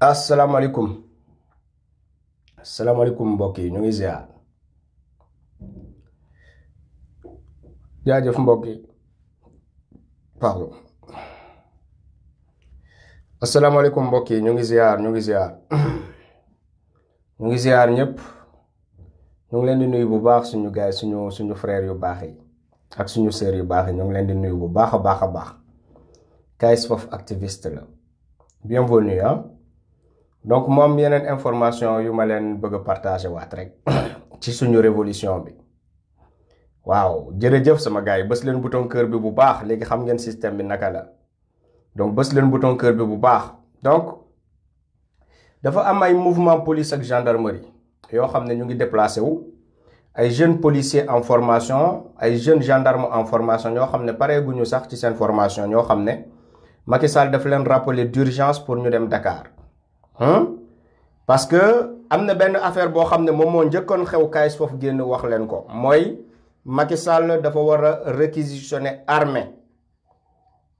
asalaamaaleykum asalaamaaleykum mbokk yi ñu ngi ziar jaajëf mbokk yi pardon asalaamaaleykum mbokk yi ñu ngi ziar ñu ngi ziar ñu ngi ziar ñëpp ñu ngi leen di nuyu bu baax suñu gaay suñu suñu frère yu baax ak suñu sœur yu baax yi ñu ngi leen di nuyu bu baax a baax a baax Kayz Fof activiste la bienvenue ah donc moom yeneen information yu ma leen bëgg a partager waat rek ci suñu révolution bi waaw jërëjëf sama gars yi bës leen bouton cœur bi bu baax léegi xam ngeen système bi naka la donc bës leen bouton cœur bi bu baax donc dafa am ay mouvement police ak gendarmerie yoo xam ne ñu ngi déplacé wu ay jeunes policiers en formation ay jeunes gendarmes en formation ñoo xam ne pareeguñu sax ci seen formation ñoo xam ne Macky Sall daf leen rappeler d'urgence pour ñu dem Dakar Hein? parce que amna ben affaire bo xam ne moom moo xew kaayis fofu génn wax len ko moy Macky Sall dafa wara réquisitionner armée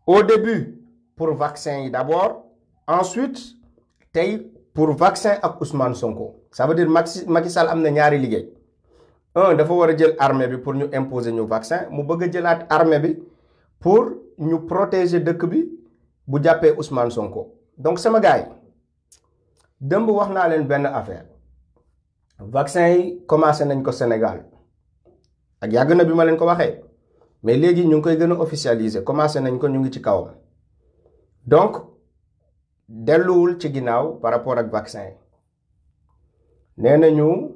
au début pour vaccin d'abord ensuite tay pour vaccin ak Ousmane Sonko ça veut dire Macky Sall am ñaari liggéey un dafa wara jël armée bi pour ñu imposer ñu vaccin mu bëgg jëlat armée bi pour ñu protéger dëkk bi bu jappé Ousmane Sonko donc sama gars dëmb wax naa leen benn affaire vaccin yi commencé nañ ko Sénégal ak yàgg na bi ma leen ko waxee mais léegi ñu ngi koy gën a officialiser commencé nañ ko ñu ngi ci kawam donc delluwul ci ginnaaw par rapport ak vaccin yi nee nañu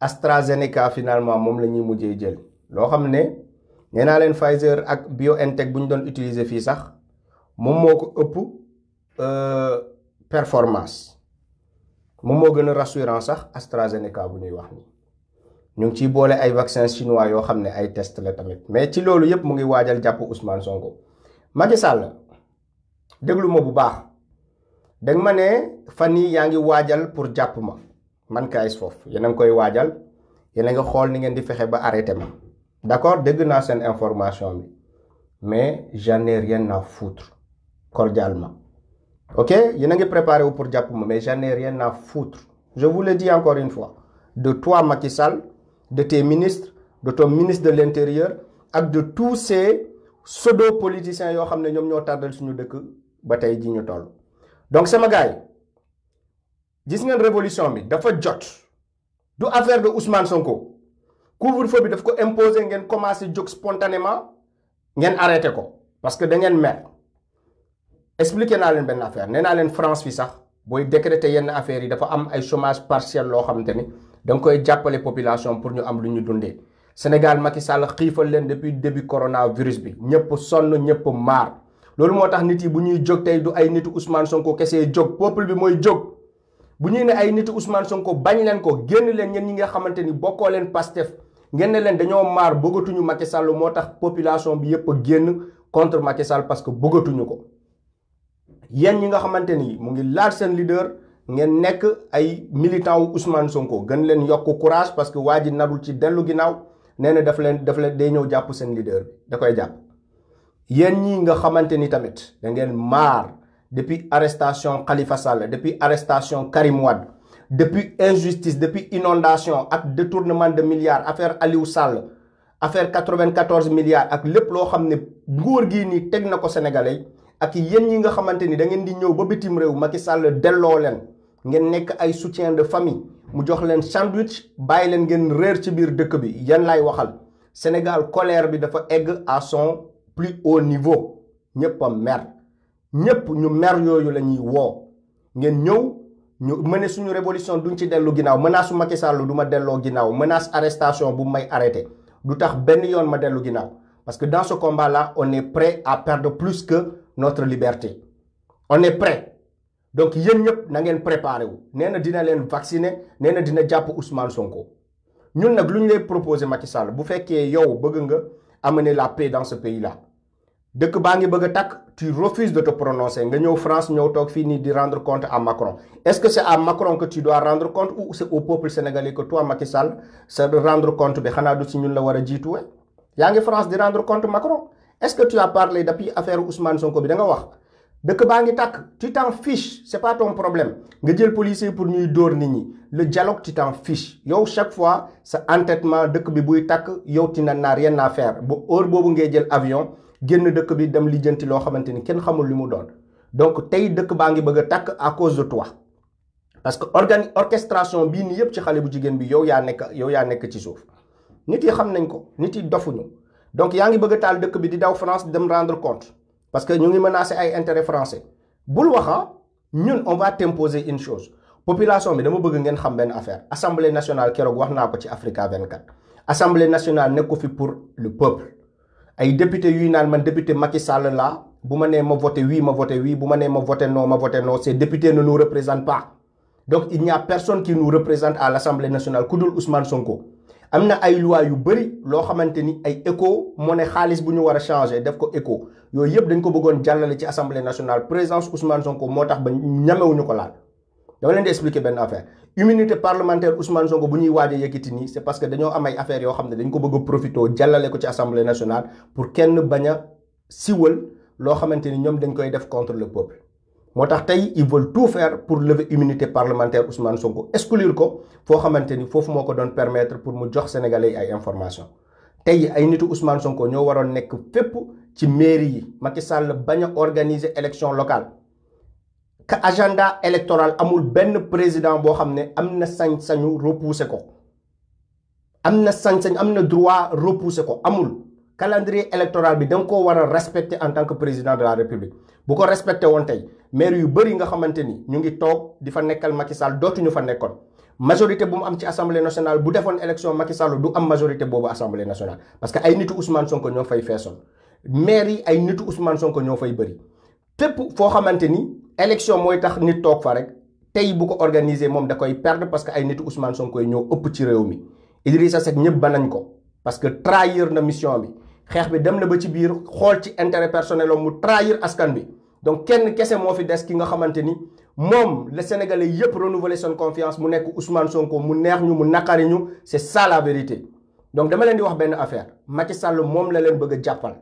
AstraZeneca finalement moom la ñuy mujjee jël loo xam ne nee naa leen Pfizer ak bio BioNTech bu ñu doon utiliser fii sax moom moo ko ëpp euh, performance. moom moo gën a rassurant sax AstraZeneca bu ñuy wax ni ñu boole vaccins chinois et xam ne ay test la mais ci loolu mu ngi waajal Ousmane Sonko Macky Sall ma bu baax ne fan pour jàpp man koy ni d'accord information mais je ai rien à foutre cordialement Ok Y'en a préparé pour le Japon, mais j'en ai rien à foutre. Je vous le dis encore une fois. De toi, Macky Sall, de tes ministres, de ton ministre de l'Intérieur, et de tous ces pseudo-politiciens qui ont tardé sur nous de bataille Donc, c'est ma gars. voyez, une révolution bi dafa jot du affaire de Ousmane Sonko couvre-feu bi daf ko imposer ngeen commencer faire spontanément ngeen arrêté parce que da ngeen maire. expliqué na len ben affaire nee naa France fi sax boy décréter yenn affaire yi dafa am ay chômage partiel lo xamanteni dang koy jappalé population pour ñu am lu ñu dundee Sénégal Macky Sall xifal len depuis début coronavirus bi ñepp sonn ñepp mar lolu motax nit yi bu ñuy jog. tey du ay nit Ousmane Sonko kessé jog peuple bi moy jog bu ñuy ne ay nit Ousmane Sonko bañ len ko génn len ñen ñi nga xamanteni bokko len Pastef ngeen len dañoo maar bëggatuñu Macky Sall motax population bi yépp génn contre Macky Sall parce que bëggatuñu ko yéen ñi nga xamante ni mu ngi laaj seen leader ngeen nekk ay militant wu Ousmane Sonko gën leen yokk courage parce que waa ji narul ci dellu ginnaaw nee na daf leen daf leen day ñëw jàpp seen leader da koy jàpp. yéen ñi nga xamante ni tamit da ngeen maar depuis arrestation Khalifa Sall depuis arrestation Karim Wade depuis injustice depuis inondation ak détournement de milliards affaire Aliou Sall affaire 94 milliards ak lépp loo xam ne nguur gii nii teg na ko sénégalais. ak yéen yi nga xamante ni dangeen di ñëw ba bitim réew Macky Sall delloo leen ngeen nekk ay soutien de famille mu jox leen sandwich bàyyi leen ngeen réer ci biir dëkk bi yan laay waxal Sénégal colère bi dafa egg à son plus haut niveau ñëpp a mer ñëpp ñu mer yooyu la ñuy woo ngeen ñëw ñu mëne suñu révolution duñ ci dellu ginnaaw menace Macky Sall du ma delloo ginnaaw menace arrestation bu may arrêté du tax benn yoon ma dellu ginnaaw Parce que dans ce combat-là, on est prêt à perdre plus que notre liberté. On est prêt. Donc, il ñëpp na préparer. préparé wu vacciner nee na dina Ousmane Sonko ñun nous lu proposer lay Macky Sall bu faites yow amener la paix dans ce pays-là Dès que ngi bëgg tu refuses de te prononcer nga en France ñëw toog fini de rendre compte à Macron est-ce que c'est à Macron que tu dois rendre compte ou c'est au peuple sénégalais que toi Macky Sall c'est de rendre compte Mais ce du nous ñun la Yangi France di rendre compte Macron est-ce que tu as parlé depuis affaire Ousmane Sonko bi da nga wax deuk baangi tak tu t'en fiches c'est pas ton problème nga jël policier pour ñuy dóor nit ñi le dialogue tu t'en fiches yow chaque fois ça entêtement deuk bi buy tak yow ti na rien à faire ba heure boobu ngay jël avion genn deuk bi dem lijjanti loo xamante ni kenn xamul limu doon donc tay deuk baangi bëgg tak à cause de toi parce que organ orchestration bi ni yëpp ci xalé bu jigen bi yow ya nek yow ya nek ci suuf nit yi xam nañ ko nit yi dofuñu donc yaa ngi bëgg a taal dëkk bi di daw France dem rendre compte parce que ñu ngi menacer ay intérêt français bul waxa ah, ñun on va t'imposer une chose population bi dama bëgg ngeen xam benn affaire assemblée nationale qui wax naa ko ci 24 assemblée nationale nekku fi pour le peuple ay député yuy naan man député Macky Sall la bu ma nee ma voté oui ma vote oui bu ma nee ma non ma vote non ces députés ne nous représentent pas donc il n'y a personne qui nous représente à l'assemblée nationale ku Ousmane Sonko amna ay loi yu bëri lo xamanteni ay écho moné xaliss buñu wara a changer def ko écho yoy yeb dañ ko bëggoon jàllale ci assemblée nationale présence Ousmane Sonko motax tax ba ñamewuñu ko laal. dama leen di expliquer ben affaire immunité parlementaire Ousmane Sonko buñuy ñuy waaj c'est parce que dañoo am ay affaires yoo xam dañ ko bëgg profito profité ko ci assemblée nationale pour kenn baña a lo xamanteni ñom dañ koy def contre le peuple motax tay ils veulent tout faire pour lever immunité parlementaire Ousmane Sonko exclure ko fo xamanteni fofu moko don permettre pour mu jox sénégalais ay information tey ay nitu Ousmane Sonko ñoo waroon nekk fépp ci mairie yi Macky Sall baña organiser élection locale que agenda électoral amul ben président bo xamné ne sañ-sañu repousser ko amna sañ-sañ amna droit repousser ko amul calendrier électoral bi da nga koo respecter en tant que président de la république bu ko respecté won maire yu bëri nga xamante ni ñu ngi toog di fa nekkal Macky Sall dootuñu fa nekkoon majorité bu mu am ci assemblée nationale bu defoon élection Macky Sall du am majorité boobu assemblée nationale. parce que ay nitu Ousmane Sonko ñoo yi ay nitu Ousmane Sonko ñoo fay bëri tépp foo xamante ni élection mooy tax nit toog fa rek tey bu ko organiser moom da koy perdre parce que ay nitu Ousmane Sonko yi ñoo ëpp ci réew mi sa Seck ñëpp banañ ko parce que trahir na mission bi xeex bi dem na ba ci biir xool ci intérêt personnel am mu trahir askan bi. donc kenn kessé mo fi dess ki nga xamante mom le sénégalais yépp renouveler son confiance mu nek Ousmane Sonko mu neex ñu mu nakari ñu c'est ça la vérité donc dama leen di wax ben affaire Macky Sall mom la leen bëgg jappal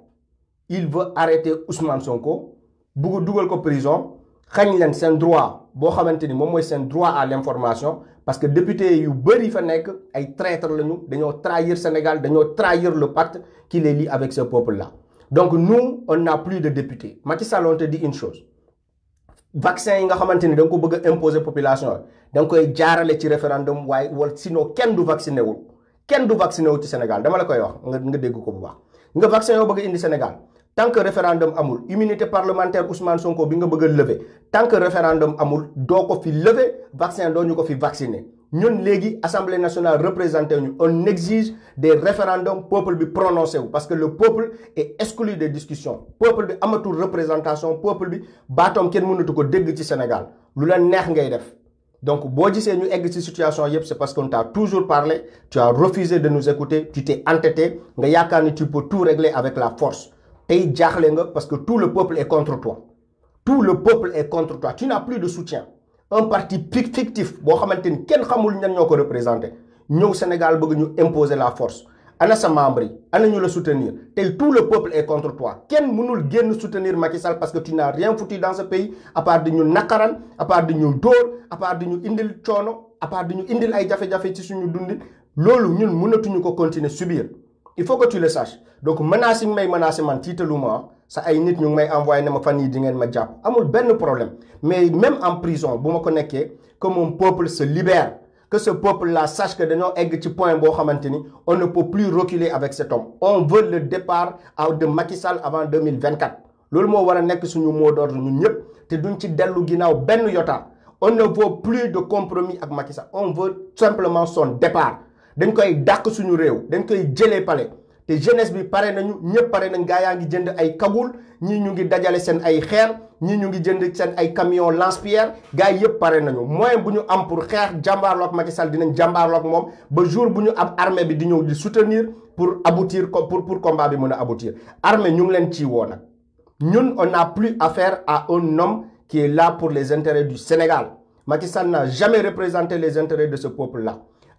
il veut arrêter Ousmane Sonko bugg dugal ko prison xagn leen sen droit bo xamante mom moy sen droit à l'information parce que député yu bëri fa nek ay traître lañu dañoo trahir Sénégal dañoo trahir le pacte qui est lié avec ce peuple là. donc nu on n'a plus de députés Macky Sall on te dit une chose vaccin yi nga xamante ni da ko bëgg imposé population danga koy jaarale ci référendum waaye wala sinon kenn du vacciné wul kenn du vacciné wul ci Sénégal dama la koy wax nga nga dégg ko bu baax nga vaccin yoo bëgg a indi Sénégal tant que référendum amul immunité parlementaire Ousmane Sonko bi nga bëgg a lever tant que référendum amul doo ko fi lever vaccin doo ñu ko fi vacciner Nous, légui assemblée nationale représentée, ñu on exige des référendums peuple bi prononcé parce que le peuple est exclu des discussions peuple bi amatu représentation peuple bi batom ken mënatu ko dégg ci Sénégal lu la neex ngay def donc bo gisee ñu egg ci situation yépp c'est parce qu'on t'a toujours parlé tu as refusé de nous écouter tu t'es entêté nga yaakaar ni tu peux tout régler avec la force tay jaxlé nga parce que tout le peuple est contre toi tout le peuple est contre toi tu n'as plus de soutien un parti fictif bo xamante ni kenn xamul ñan ñoko représenter ñew Sénégal bëgg ñu imposer la force ana sa membre ana ñu le soutenir tey tout le peuple est contre toi kenn mënul génn soutenir Macky Sall parce que tu n'as rien foutu dans ce pays à part de ñu nakaran, à part de ñu dóor à part de ñu indil choono à part de ñu indil ay jafé jafé ci suñu dundit loolu ñun mënatuñu ko continuer subir il faut que tu le saches donc menace yi may menacé man tiitalu ma sa ay nit ñu ngi may envoyé ne ma fan yi di ngeen ma japp amul benn problème mais même en prison bu ma ko nekkee que mon peuple se libère que ce peuple là sache que dañoo egg ci point boo xamante ni on ne peut plus reculer avec cet homme on veut le départ de Macky Sall avant 2024 loolu moo war a nekk suñu mot d'ordre ñun ñëpp te duñ ci dellu ginnaaw benn yotaa on ne veut plus de compromis ak Macky Sall on veut simplement son départ dañ koy dàq suñu réew dañ koy jëlee palais te jeunesse bi paré nañu ñëpp paré nañ gaa jënd ay kagul ñi ñu ngi dajalé sen ay xéer ñi ñu ngi jënd sen ay camion lance-pierre gaay yëpp nañu moyen buñu am pour dinañ ba jour armée bi di soutenir pour aboutir pour pour combat bi aboutir armée ñu ngi leen ci on n'a plus affaire à un homme qui est là pour les intérêts du Sénégal Macky n'a jamais représenté les intérêts de ce peuple là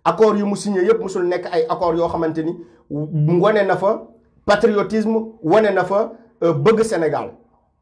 accord yu mu signé yëpp musul nekk ay accord yoo xamante ni wane na fa patriotisme wane na fa euh, bëgg Sénégal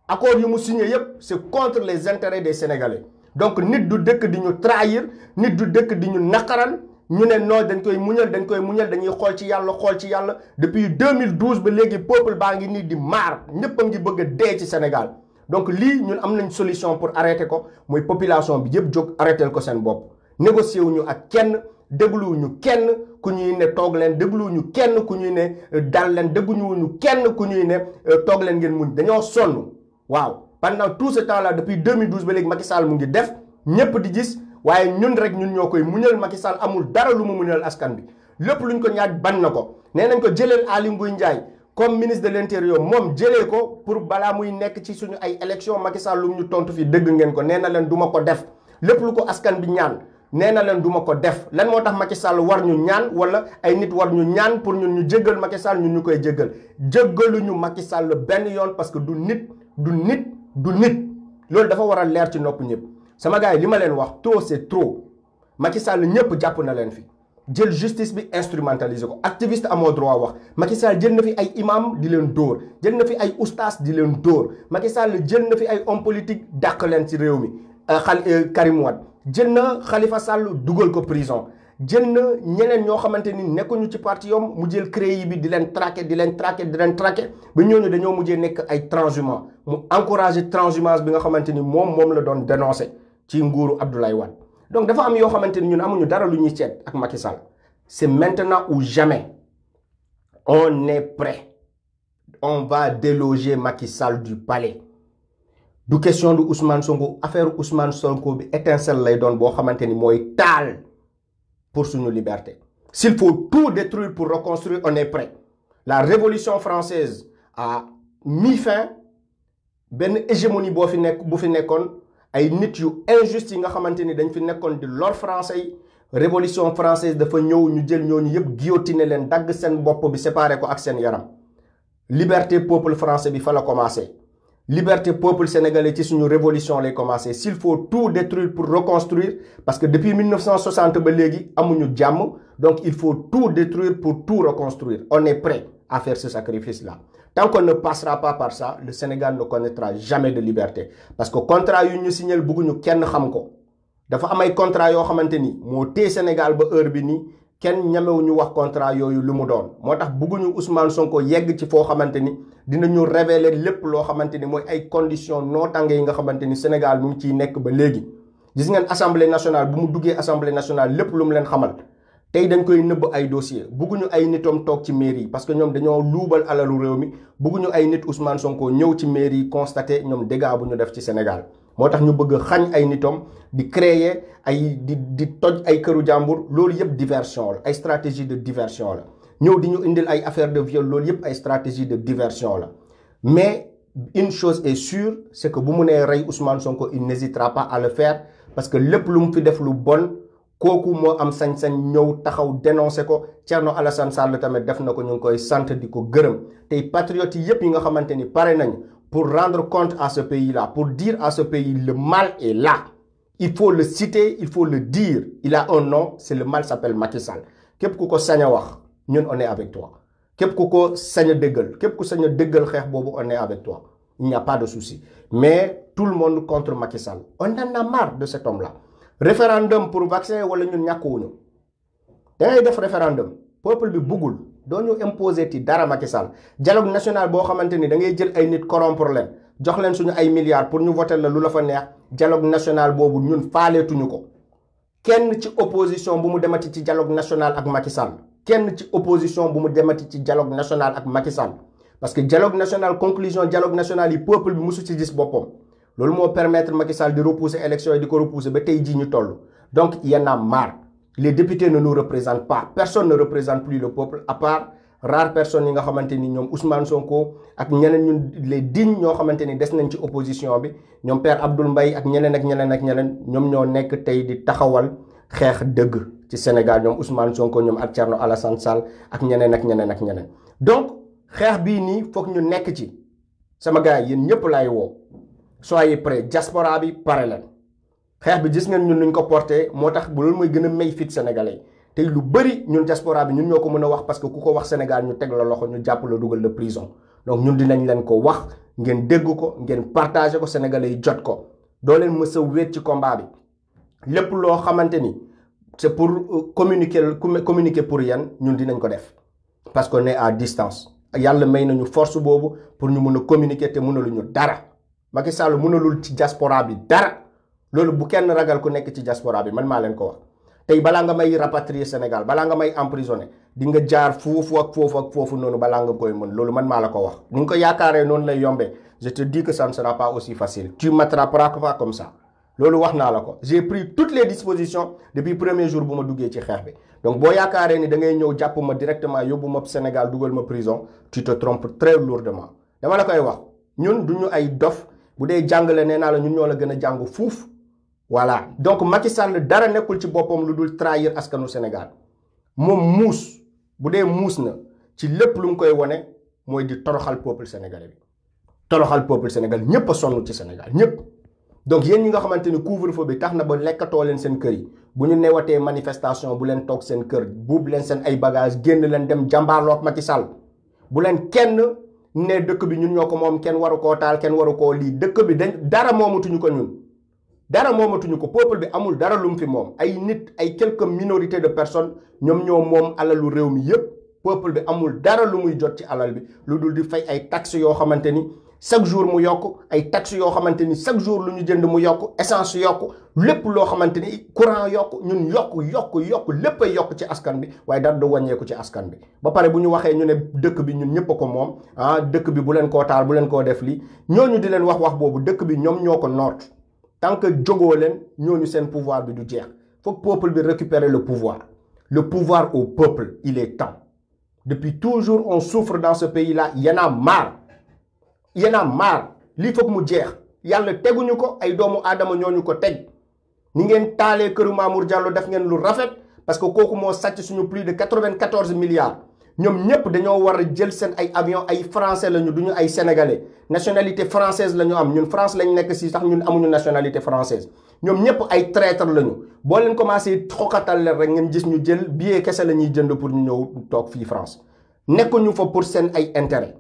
accord yu mu signé yëpp c'est contre les intérêts des Sénégalais donc nit du dëkk di ñu trahir nit du dëkk di ñu naqaral ñu ne non dañ koy muñal dañ koy muñal dañuy xool ci yàlla xool ci yàlla depuis 2012 ba léegi peuple baa ngi nii di maar ñëpp a ngi bëgg dee ci Sénégal donc lii ñun am nañ solution pour arrêter ko mooy population bi yëpp jóg arrêter ko seen bopp négocier wuñu ak kenn. ñu kenn ku ñuy ne toog leen ñu kenn ku ñuy ne dal leen dégluwuñu kenn ku ñuy ne euh, euh, toog leen ngeen muñ dañoo sonn waaw pendant tout ce temps là depuis 2012 ba léegi Macky Sall mu ngi def ñëpp di gis waaye ñun rek ñun ñoo koy muñal Macky Sall amul dara lu ma muñal askan bi lépp luñ ko ñaaj ban na ko nee nañ ko jëleel Aly Ngouille Ndiaye comme ministre de l'intérieur moom jëlee ko pour balaa muy nekk ci suñu ay élection Macky Sall lu ñu tontu fii dëgg ngeen ko nee na leen duma ko def lépp lu ko askan bi ñaan nee na leen du ma ko def lan moo tax Macky Sall war ñu ñaan wala ay nit war ñu ñaan pour ñun ñu jéggal Macky Sall ñun ñu koy jéggal jéggaluñu Macky Sall benn yoon parce que du nit du nit du nit loolu dafa war a leer ci nopp ñëpp sama gaay yi li ma leen wax trop c'est trop Macky Sall ñëpp jàpp na leen fi jël justice bi instrumentaliser ko activiste amoo droit wax Macky Sall jël na fi ay imam di leen dóor jël na fi ay oustas di leen dóor Macky Sall jël na fi ay homme dàq leen ci réew mi xal euh, euh, Karim Wade jël Khalifa Sall dougal ko prison jël ñeneen ño xamanteni ni ci parti yom mu jël créé bi di len traquer di len traquer di len traquer ba ñooñu dañoo mujjé nek ay transhumants mu Encourager transhumance bi nga xamanteni mom mom la doon dénoncer ci nguuru Abdoulaye Wade donc dafa am yo xamanteni ni ñun amuñu dara lu ñuy seet ak Macky Sall c'est maintenant ou jamais on est prêt on va déloger Macky Sall du palais du question de Ousmane Sonko affaire Ousmane Sonko bi étincelle lay doon qui xamanteni moy tal pour suñu liberté s'il faut tout détruire pour reconstruire on est prêt la révolution française a mis fin Ben hégémonie qui fi nek bu fi nekkoon ay nit yu injuste yi nga xamanteni dañ fi di lor français révolution française dafa ñëw ñu jël ñu yëpp guillotiner leen dag sen bop bi séparé ko ak sen yaram liberté peuple français bi fa la commencer liberté peuple sénégalais ci une révolution a commencé s'il faut tout détruire pour reconstruire parce que depuis 1960 donc il faut tout détruire pour tout reconstruire on est prêt à faire ce sacrifice là tant qu'on ne passera pas par ça le Sénégal ne connaîtra jamais de liberté parce que contrat nous ñu signal ne kenn xam ko dafa am ay contrat Sénégal ba heure kenn ñamewuñu wax contrat yooyu lu mu doon moo tax bëgguñu usmaan Sonko yegg ci foo xamante ni dinañu révéler lépp loo xamante ni mooy ay conditions nootange yi nga xamante ni Sénégal mu ngi ciy nekk ba léegi. gis ngeen assemblée nationale bu mu duggee assemblée nationale lépp lu mu leen xamal tey dañ koy nëbb ay dossier bëgguñu ay nitam toog ci mairie yi parce que ñoom dañoo luubal alalu réew mi bëgguñu ay nit Ousmane Sonko ñëw ci mairie yi constaté ñoom dégâts bu ñu def ci Sénégal. motax ñu bëgg xañ ay nitom di créer ay di di toj ay këru jambour loolu yëpp diversion la ay stratégie de diversion la ñëw di ñu indil ay affaire de viol loolu yëpp ay stratégie de diversion la mais une chose est sûre c'est que bu mu nee rey Ousmane Sonko il n'hésitera pas à le faire parce que lépp lu mu fi def lu bon kooku moo am sañ-sañ ñëw taxaw dénoncé ko Thierno Alassane Sall tamit def na ko ñu ngi koy sant di ko gërëm tey patriotes yi yëpp yi nga xamante ni pare nañu pour rendre compte à ce pays-là, pour dire à ce pays, le mal est là. Il faut le citer, il faut le dire. Il a un nom, c'est le mal s'appelle Macky Sall. quest Koko ko wax on est avec toi Kep Koko ko sañ kep dëggal képp ku sañ a on est avec toi il n'y a pas de souci mais tout le monde contre Macky Sall on en a marre de cet homme-là référendum pour vaccin wala ñun Il a ngay def référendum peuple de Bougoul do ñu imposer ti dara Macky Sall dialogue national bo xamanteni da ngay jël ay nit corrompre leen jox leen suñu ay milliards pour ñu voter la neex dialogue national nous ñun faletuñu ko kenn ci opposition bu mu demati ci dialogue national ak Macky Sall kenn ci opposition bu mu demati ci dialogue national ak Macky Sall parce que dialogue national conclusion dialogue national yi peuple bi nous ci gis bopom loolu mo permettre Macky Sall de repousser l'élection et de ko repousser ba tay Donc ñu donc y en a marre les députés ne nous représentent pas personne ne représente plus le peuple à part rares personnes yi nga xamante ni Ousmane Sonko ak ñeneen ñun les dignes ñoo ont ni des nañ ci opposition bi ñoom Père Abdoul Mbaye ak ñeneen ak ñeneen ak ñeneen ñoom ñoo nekk tey di taxawal xeex dëgg ci Sénégal ñom Ousmane Sonko ñom ak Thierno Alassane Sall ak ñeneen ak ñeneen ak ñeneen donc xex bi ni foog ñu nekk ci sama gars yéen ñepp lay wo soyez prêts diaspora bi paré leen xeex bi gis ngeen ñun nuñ ko porté moo tax bu loolu mooy gën a may fit sénégalais tey lu bëri ñun diaspora bi ñun ñoo ko mën a wax parce que ku ko wax Sénégal ñu teg la loxo ñu jàpp la dugal la prison donc ñun dinañ leen ko wax ngeen dégg ko ngeen partagé ko sénégalais yi jot ko doo leen mës a wéet ci combat bi lépp loo xamante ni c' est pour euh, communiquer communiquer pour yan ñun dinañ ko def parce que on à distance yàlla may nañu force boobu pour ñu mun a communiquer te mënaluñu dara Macky Sall mënalul ci diaspora bi dara. loolu bu kenn ragal ku nekk ci diaspora bi man maa leen ko wax tey balaa nga may rapatrier Sénégal balaa nga may en di nga jaar foofu ak foofu ak foofu noonu balaa nga koy mën loolu man maa la ko wax. ni nga ko yaakaaree noonu lay yombee je te dis que ça ne sera pas aussi facile. tu m'attraperas pas comme ça loolu wax naa la depuis premier jour bu ma duggee ci xeex bi donc boo yaakaaree ni da ngay ñëw jàpp ma directement yóbbu ma Sénégal dugal ma prison tu te trompes très lourdement dama la koy wax ñun du ñu ay dof bu dee jàngale nee naa la ñun ñoo la gën a jàng fuuf. voilà donc Macky Sall dara nekkul ci boppam lu dul trahir askanu Sénégal moom muus bu dee muus na ci lépp lu mu koy wone mooy di toroxal peuple sénégalais bi toroxal peuple sénégal ñëpp a ci Sénégal ñëpp donc yéen ñi nga xamante ni couvre bi tax na ba lekkatoo leen seen kër yi bu ñu newatee manifestation bu leen toog seen kër buub leen seen ay bagage génn leen dem jàmbaarloog Macky Sall bu leen kenn ne dëkk bi ñun ñoo ko moom kenn waru koo taal kenn waru koo lii dëkk bi dañ dara moomatuñu ko ñun. dara moomatuñu ko peuple bi amul dara lu mu fi mom ay nit ay quelques minorités de personnes ñom ñoo mom alalu réew yépp peuple bi amul dara lu muy jot ci alal bi lu dul di fay ay taxes yo xamanteni ni chaque jour mu yok ay taxes yo xamanteni chaque jour lu ñu jënd mu yok essence yoko, lepp lo xamanteni courant yok ñun yok yok yok lepp a yokk ci askan bi waye dara do wàññeeku ci askan bi ba paré bu ñu waxee ñu dëkk bi ñun ñëpp ko mom ah dëkk bi bu leen ko taal bu leen ko def di leen wax wax dëkk bi tant que djogolen nous avons seen pouvoir de Il faut que le peuple récupère le pouvoir le pouvoir au peuple il est temps depuis toujours on souffre dans ce pays là Il y en a marre Il y en a marre Il lii foog mu jeex yàlla teguñu ko ay doomu aadama ñooñu ko teg ni ngeen talé këru Mamour Diallo def ngeen lu rafet parce que mo Mo sàcc plus de 94 milliards ñom ñëpp dañoo war jël seen ay avion ay français lañu duñu ay sénégalais nationalité française lañu am ñun France lañ nekk si sax ñun amuñu nationalité française ñom ñëpp ay traître lañu bo leen commencé xokatal leen rek ngeen gis ñu jël billet kese lañuy jënd pour ñu ñëw toog fii France nekkuñu fa pour seen ay intérêt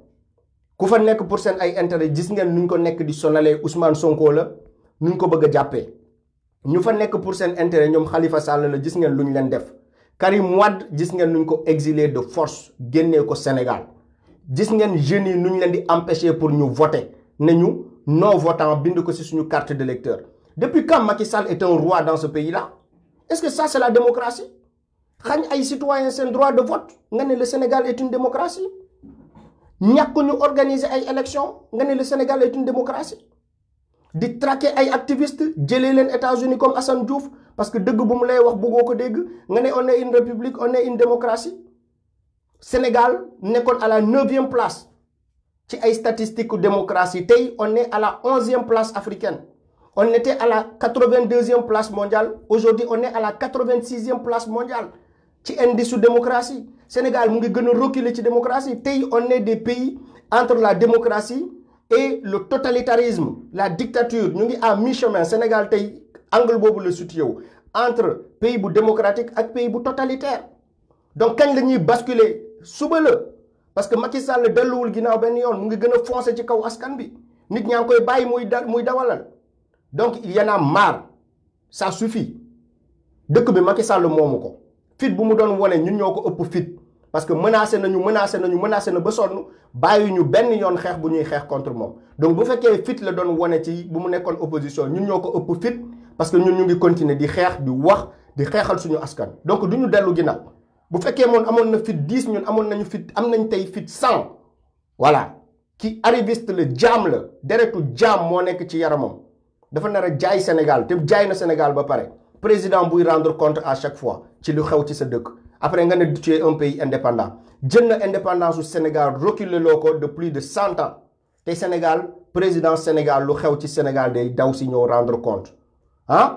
ku fa nekk pour seen ay intérêt gis ngeen nuñ ko nekk di sonalee Ousmane Sonko la nuñ ko bëgg a jàppee ñu fa nekk pour seen intérêt ñom Khalifa Sall la gis ngeen luñ leen def. Karim Wade gis ngeen nuñ ko exiler de force au ko Sénégal gis ngeen jeunes yi nuñ leen di empêcher pour ñu voter né ñu non votant bind ko ci suñu carte d'électeur depuis quand Macky Sall est un roi dans ce pays-là est-ce que ça c'est la démocratie Les ay citoyens le droit de vote le Sénégal est une démocratie Nous ñu organiser ay élections nga le Sénégal est une démocratie di traquer ay activistes jëlé les États-Unis comme Assane Diouf parce que deug bu lay wax on est une république on est une démocratie Sénégal est à la 9 neuvième place ci ay statistiques démocratie on est à la 11 11e place africaine on était à la 82 e place mondiale aujourd'hui on est à la 86 e place mondiale ci indice démocratie Sénégal mu ngi reculer démocratie tay on est des pays entre la démocratie et le totalitarisme la dictature Nous ngi à mi-chemin Sénégal tay angle bobu le situé entre pays bu démocratique ak pays bu totalitaire donc kañ lañuy basculer suba parce que Macky Sall delluwul ginnaaw benn yoon mu ngi gëna foncer ci kaw askan bi nit ñang koy bayyi muy muy dawalal donc il y en a marre ça suffit dëkk bi Macky Sall moomu fit bu mu doon woné ñun ñoko ëpp fit parce que menacer nañu menacer nañu menacer na ba sonu bayyi ñu ben yoon xex bu ñuy xex contre mom donc bu fekké fit la doon woné ci bu mu nekkon opposition ñun ñoko ëpp fit parce que ñun ñu ngi continuer di xeex di wax di xeexal suñu askan. donc du ñu dellu ginnaaw bu fekkee mon amon na fit 10 ñun amon nañu fit am nañ tey fit 100 voilà ki arriviste la jaam la deretu jaam moo nekk ci yaramam dafa nar a jaay Sénégal te jaay na Sénégal ba pareil. président vous rendre compte à chaque fois ci lu xew ci sa après nga ne tu es un pays indépendant jël l'indépendance indépendance Sénégal recule le de plus de cent ans te Sénégal président Sénégal lu xew ci Sénégal day daw si ñëw rendre compte. ah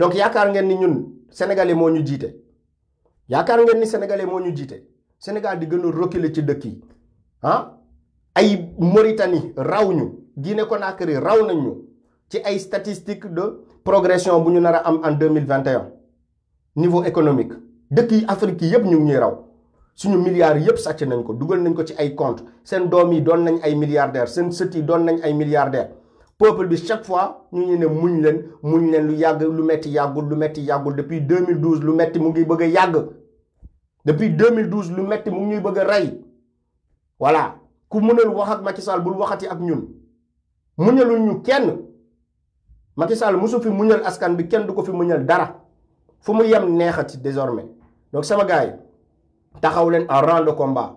donc yaakaar ngeen ni ñun sénégalais moo ñu jiite yaakaar ngeen ni sénégalais moo ñu jiite Sénégal di gën a ci dëkk yi ah ay Mauritanie raw ñu Guinée Conakry raw nañ ñu ci ay statistiques de progression bu ñu nar a am en deux mille vingt et un niveau économique dëkk yi Afrique yëpp ñu ngi ñuy raw suñu milliards yëpp sàcc nañ ko dugal nañ ko ci ay compte seen doom yi doon nañ ay milliardaires seen sët yi doon nañ ay milliardaires. peuple bi chaque fois ñu ñu ne muñ leen muñ leen lu yàgg lu metti yàggul lu metti yàggul depuis 2012 lu metti mu ngi bëgg a yàgg depuis 2012 lu metti mu ngi ñuy bëgg a rey voilà ku mënal wax ak Macky Sall bul waxati ak ñun muñalul ñu kenn Macky Sall mosu fi muñal askan bi kenn du ko fi muñal dara fu mu yem neexati désormais donc sama gaay taxaw leen en rang de combat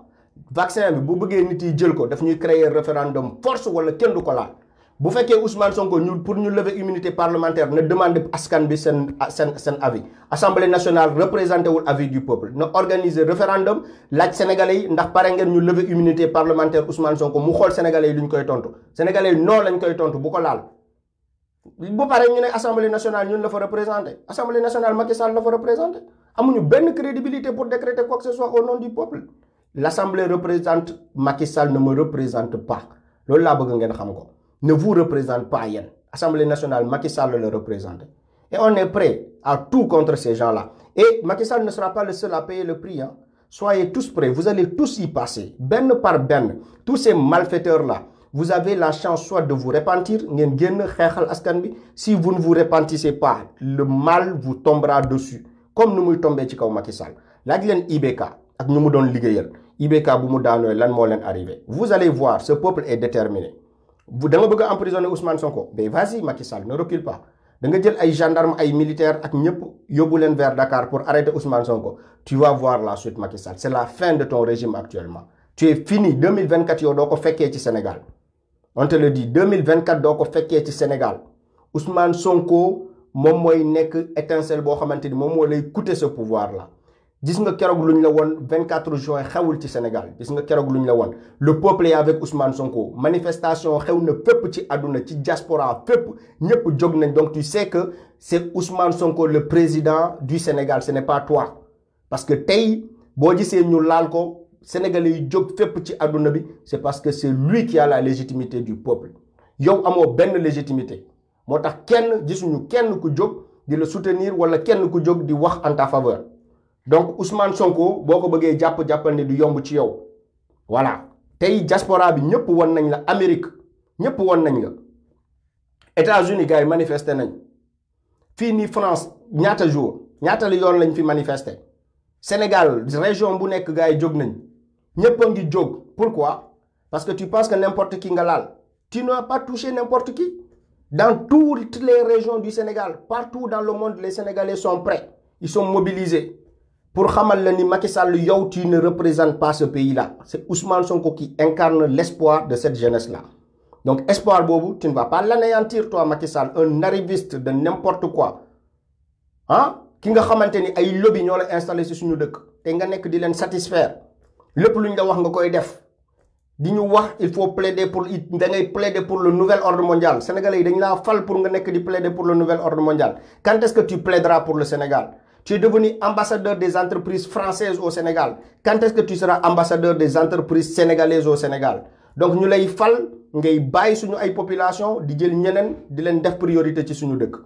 vaccin bi bu bëggee nit yi jël ko daf ñuy créer référendum force wala kenn du ko laal bu fekkee Ousmane Sonko ñu pour nous lever immunité parlementaire na demande askan bi seen seen avis assemblée nationale représenté wul avis du peuple na organiser référendum laaj sénégalais yi ndax pare ngeen lever immunité parlementaire Ousmane Sonko mu xool sénégalais yi koy tontu sénégalais yi non lañ koy tontu bu ko laal. bu paree ñu ne assemblée nationale ñun la fa représenté assemblée nationale Macky Sall la fa représenté amuñu benn crédibilité pour décréter quoi que ce soit au nom du peuple L'Assemblée représente Macky Sall ne me représente pas loolu laa bëgg ngeen xam ko ne vous représente pas rien. Assemblée nationale, Macky Sall le représente. Et on est prêt à tout contre ces gens-là. Et Macky Sall ne sera pas le seul à payer le prix. Hein. Soyez tous prêts, vous allez tous y passer, ben par ben. Tous ces malfaiteurs-là, vous avez la chance soit de vous repentir, si vous ne vous repentissez pas, le mal vous tombera dessus. Comme nous sommes tombés sur Macky Sall. Ibeka, ak ñu doon IBK vous allez voir ce peuple est déterminé bu da nga bëgg emprisonner Ousmane Sonko mais vas-y Macky Sall ne recule pas da nga jël ay gendarmes, ay militaires ak ñëpp yóbbu leen vers Dakar pour arrêter Ousmane Sonko tu vas voir la suite Macky Sall c'est la fin de ton régime actuellement tu es fini 2024 yow doo ko fekkee ci Sénégal on te le dit 2024 do ko fekkee ci Sénégal Ousmane Sonko mom moy nek étincelle bo xamante mom mo lay coûter ce pouvoir là gis nga keroog la won 24 juin xewul ci Sénégal gis nga keroog luñ la won le peuple est avec Ousmane Sonko manifestation xew na ci aduna ci diaspora fépp ñep jóg nañ donc tu sais que c'est Ousmane Sonko le président du Sénégal ce n'est pas toi parce que tay bo gisee ñu laal ko Sénégalais yi jog fépp ci aduna bi c'est parce que c'est lui qui a la légitimité du peuple yow amo ben légitimité motax kenn gisuñu kenn ku jog di le soutenir wala kenn ku jog di wax en ta faveur donc Ousmane Sonko boko beugé japp jappal jàppal du yomb ci yow voilà Tay diaspora bi ñëpp won nañ la Amérique ñëpp won nañ la États-Unis gars manifestent. manifester nañ fii a France ñaata jour ñaata la yoon lañ fi manifester Sénégal région bu nek gars jog nañ Ñepp ngi pourquoi parce que tu penses que n'importe qui nga là. tu n'as pas touché n'importe qui dans toutes les régions du Sénégal partout dans le monde les Sénégalais sont prêts ils sont mobilisés pour xamal la ni Macky Sall yow tu ne représente pas ce pays là c'est Ousmane Sonko qui incarne l'espoir de cette jeunesse là donc espoir bobu tu ne vas pas l'anéantir toi Macky un arriviste de n'importe quoi hein? Qui nga xamanteni ay lobby ñoo la installé ci suñu dëkk té nga nekk di len satisfaire lepp lu la wax nga koy def di ñu wax il faut plaider pour da ngay plaider pour le nouvel ordre mondial sénégalais dañ la laa fal pour nga nekk di plaider pour le nouvel ordre mondial quand est-ce que tu plaideras pour le Sénégal tu es devenu ambassadeur des entreprises françaises au Sénégal. Quand est-ce que tu seras ambassadeur des entreprises sénégalaises au Sénégal donc nous, lay fal ngay bàyyi suñu ay population di jël ñeneen di def priorité ci suñu dëkk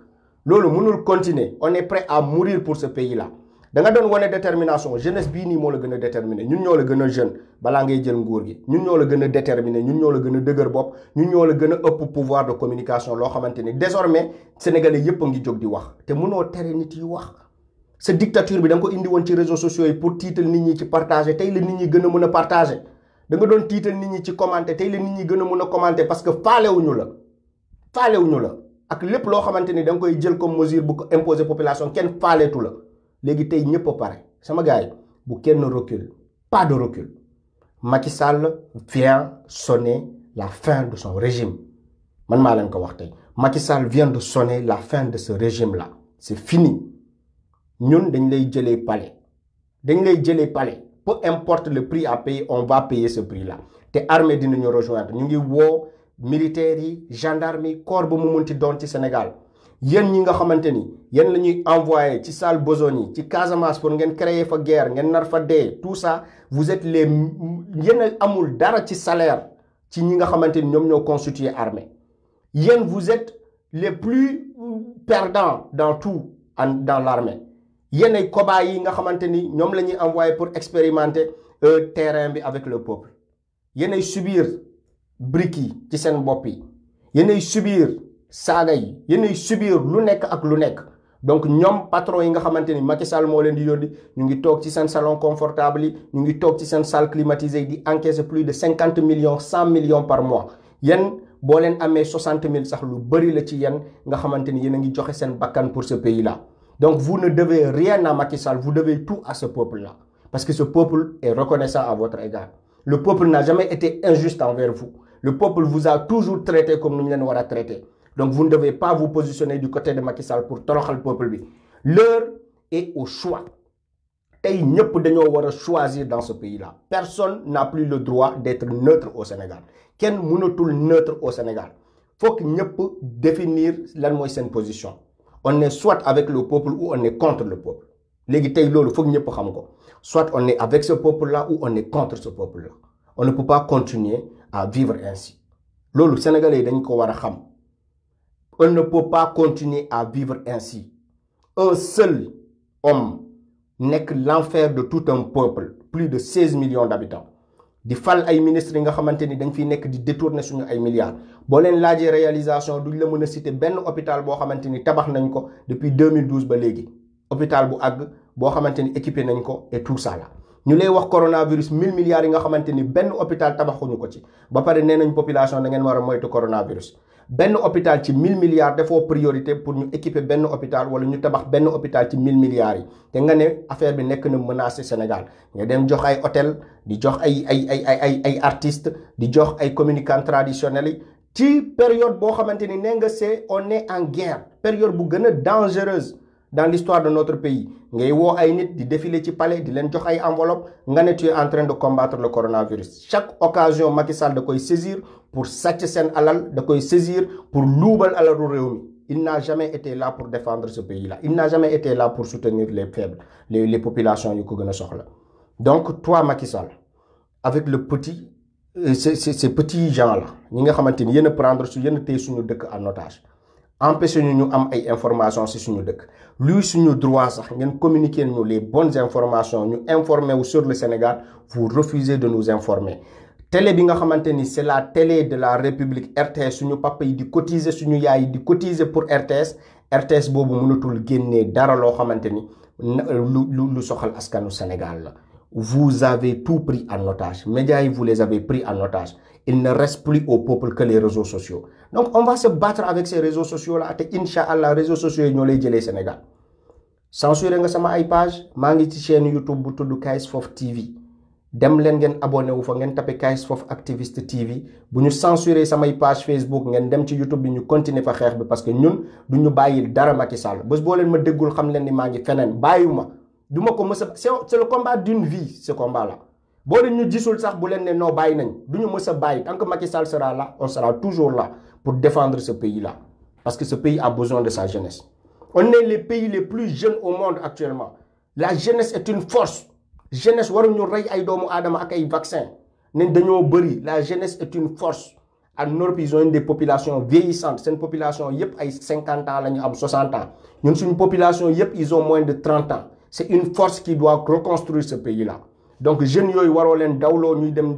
mënul continuer on est prêt à mourir pour ce pays là da nga une une détermination jeunesse bii nii moo la gën déterminée. déterminé ñun ñoo la gën a jeune balaa ngay jël nguur gi ñun ñoo la gën Nous déterminé ñun nous la gën de dëgër ñun ñoo la gën pouvoir de communication Désormais, xamante désormais sénégalais yépp a ngi jóg di wax te mënoo tere nit yi wax sa dictature bi da ko indi won ci réseaux sociaux pour tiital nit ñi ci partager tay le nit ñi gën a partager da nga doon tiital nit ñi ci commenter tay le nit ñi gën commenter parce que faalewuñu la faalewuñu la ak lepp lo xamanteni ni da nga koy jël comme mesure bu ko imposer population kenn faaleetu la léegi tay ñëpp a sama gars bu kenn recul pas de recul Macky Sall vient sonner la fin de son régime man ma lañ ko wax tay Macky Sall vient de sonner la fin de ce régime là c'est fini ñun dañ lay jëlee palais dañ lay jëlee palais peu importe le prix à payer on va payer ce prix là te armée dinañu rejoindre ñu ngi woo militaires yi gendarme yi corps ba mu munti doon ci Sénégal yéen ñi nga xamante ni yéen la ñuy envoyé ci salle besogne yi ci Casamance pour ngeen créer fa guerre ngeen nar fa dee tout ça vous êtes les yéen amul dara ci salaire ci ñi nga xamante ni ñoom ñoo constituer armée yéen vous êtes les plus euh, perdants dans tout dans l'armée il y a yi nga qui sont pour expérimenter le euh, terrain avec le peuple yenn ay subir briques yi ci les bopp yi yenn ay subir saaga yi subir lu nekk ak lu nekk donc ñoom patron yi nga qui ni Macky Sall moo leen di yóbbu ñu ngi toog ci seen salon confortable yi ñu ngi toog ci salle climatisée di encaisser plus de 50 millions 100 millions par mois a qui ont amené 60 000 sax lu bëri la ci nga ngi joxe pour ce pays là. Donc vous ne devez rien à Macky Sall, vous devez tout à ce peuple-là. Parce que ce peuple est reconnaissant à votre égard. Le peuple n'a jamais été injuste envers vous. Le peuple vous a toujours traité comme nous l'avons traité. Donc vous ne devez pas vous positionner du côté de Macky Sall pour toroxer le peuple. L'heure est au choix. Et nous choisir dans ce pays-là. Personne n'a plus le droit d'être neutre au Sénégal. Quel n'est neutre au Sénégal Il faut que nous définir la position on est soit avec le peuple ou on est contre le peuple soit on est avec ce peuple là ou on est contre ce peuple là on ne peut pas continuer à vivre ainsi sénégalais on ne peut pas continuer à vivre ainsi un seul homme n'est que l'enfer de tout un peuple plus de 16 millions d'habitants di fal ay ministre yi nga xamante ni dañ fiy nekk di détourner suñu ay milliards boo leen laajee réalisation duñ la mën a citer benn hôpital boo xamante ni tabax nañ ko depuis 2012 ba léegi hôpital bu àgg boo xamante ni équipé nañ ko et tout ça la ñu lay wax coronavirus 1000 milliards yi nga xamante ni benn hôpital tabaxuñu ko ci ba pare nee nañ population da ngeen war a moytu coronavirus benn hôpital ci 1000 milliards defoo priorité pour ñu équiper benn hôpital wala ñu tabax benn hôpital ci 1000 milliards yi te nga ne affaire bi nekk na menacer Sénégal nga dem jox ay hôtel di jox ay ay ay ay ay ay artistes di jox ay communicants traditionnels yi ci période on est en guerre période bu dangereuse dans l'histoire de notre pays ngay woo ay nit di défiler ci palais di leen jox ay enveloppe nga ne tu en train de combattre le coronavirus chaque occasion Macky Sall da saisir pour sàcc alal da koy saisir pour l'oubal alalu il n'a jamais été là pour défendre ce pays là il n'a jamais été là pour soutenir les faibles les populations yu ko donc toi Macky avec le petit euh, ces petits gens là ñi nga xamante yene prendre su yene tey suñu deuk en otage nous ñu ñu am ay informations ci suñu deuk lui suñu droit sax communiquer les bonnes informations ñu informer sur le Sénégal vous refusez de nous informer télé bi nga xamante c'est la télé de la république RTS suñu papa yi di cotiser suñu yaay di cotiser pour RTS RTS boobu mënatul génnee dara loo xamante ni lu lu soxal askanu Sénégal vous avez tout pris en otage médias yi vous les avez pris en otage il ne reste plus au peuple que les réseaux sociaux donc on va se battre avec ces réseaux sociaux là te incha allah réseaux sociaux yi ñoo lay jëlee Sénégal censuré nga sama ay page maa ngi ci chaîne YouTube bu tudd KS Fof TV dem len ngeen abonné wu fa ngeen tapé kais Fof Activiste TV buñu censurer sama page Facebook ngeen dem ci YouTube bi ñu continuer fa xeex bi parce que ñun duñu ñu dara Macky Sall bëss bo leen ma déggul xam leen ni ma ngi fenen duma ko c'est le combat d'une vie ce combat là bo leen ñu gisul sax bu leen né no nañ tant que Macky Sall sera là on sera toujours là pour défendre ce pays là parce que ce pays a besoin de sa jeunesse on est les pays les plus jeunes au monde actuellement la jeunesse est une force la jeunesse est une force En Europe, ont une des populations vieillissantes une population qui a 50 ans 60 ans ñun une population yep ils ont moins de 30 ans c'est une force qui doit reconstruire ce pays là donc jeune yoy waro len dawlo ñuy dem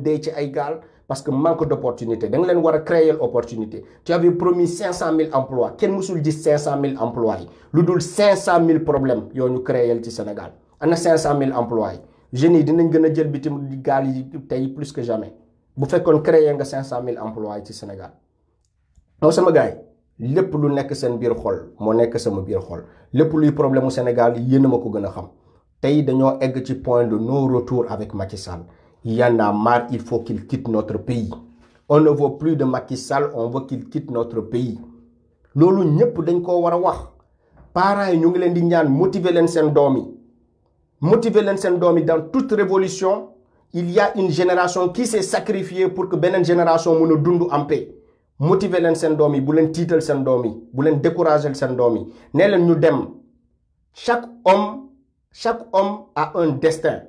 parce que manque d'opportunités. dañ doivent wara créer opportunités. tu avais promis 500 000 emplois ken musul di 500 000 emplois lu dul 500 000 problèmes yo ont créer ci Sénégal ana 500 000 emplois je ne dinañ gëna a jël bitim gal yi tay plus que jamais bu fekkone créer nga 500000 emplois ci Sénégal non sama gars lepp lu nek sen bir xol mo nek sama biir xol lepp luy problème au Sénégal yéen a ma ko gën xam tay dañoo egg ci point de non retour avec Macky Sall y en a marre il faut qu'il quitte notre pays on ne veut plus de Macky Sall on veut qu'il quitte notre pays lolu ñëpp dañ ko wara wax parents ñu ngi leen di ñaan motiver leen sen doomi motiver les seen dans toute révolution il y a une génération qui s'est sacrifiée pour que beneen génération mën nous en paix motiver les seen doom titre les leen ne décourager les domi. yi chaque homme chaque homme a un destin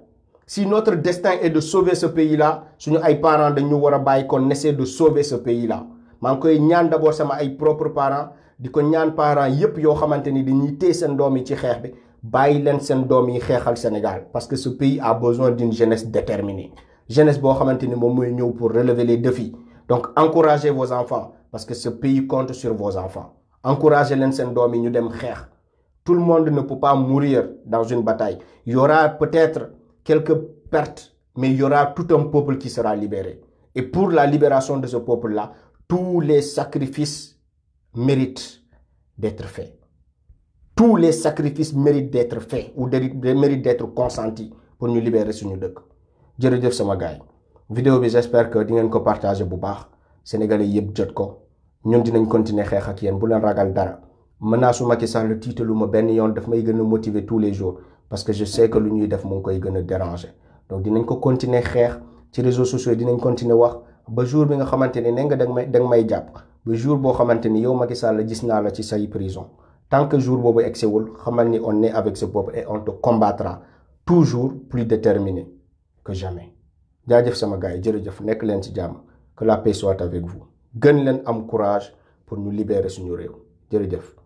si notre destin est de sauver ce pays là suñu ay parents dañu nous qu'on essaie de sauver ce pays là Mais encore koy ñaan d'abord sama propres parents nous ko ñaan parents yep yo, xamanteni, de dañuy téye sen doom Sénégal parce que ce pays a besoin d'une jeunesse déterminée jeunesse boo xamante pour relever les défis donc encouragez vos enfants parce que ce pays compte sur vos enfants encouragez leen sen doom tout le monde ne peut pas mourir dans une bataille il y aura peut-être quelques pertes mais il y aura tout un peuple qui sera libéré et pour la libération de ce peuple-là tous les sacrifices méritent d'être faits tous les sacrifices méritent d'être faits ou méritent d'être consentis pour nous libérer de suñu dëkk jërëjëf sama gars yi vidéo bi j'espère que di ngeen ko partager bu baax sénégalais yëpp jot ko ñun dinañ continuer xeex ak yéen bu leen ragal dara menace Macky Sall tiitalu ma benn yoon daf may gën a motiver tous les jours parce que je sais que lu ñuy def mu ngi koy gën a déranger donc dinañ ko continuer xeex ci réseaux sociaux dinañ continuer wax ba jour bi nga xamante ne ne nga danga may danga may jàpp ba jour boo xamante ni yow Macky Sall gis naa la ci say prison tant que jour boobu egsiwul xamal ni on est avec ce peuple et on te combattra toujours plus déterminé que jamais jaajëf sama gars yi jërëjëf nekk ci que la paix soit avec vous gën leur am courage pour nous libérer suñu réew jërëjëf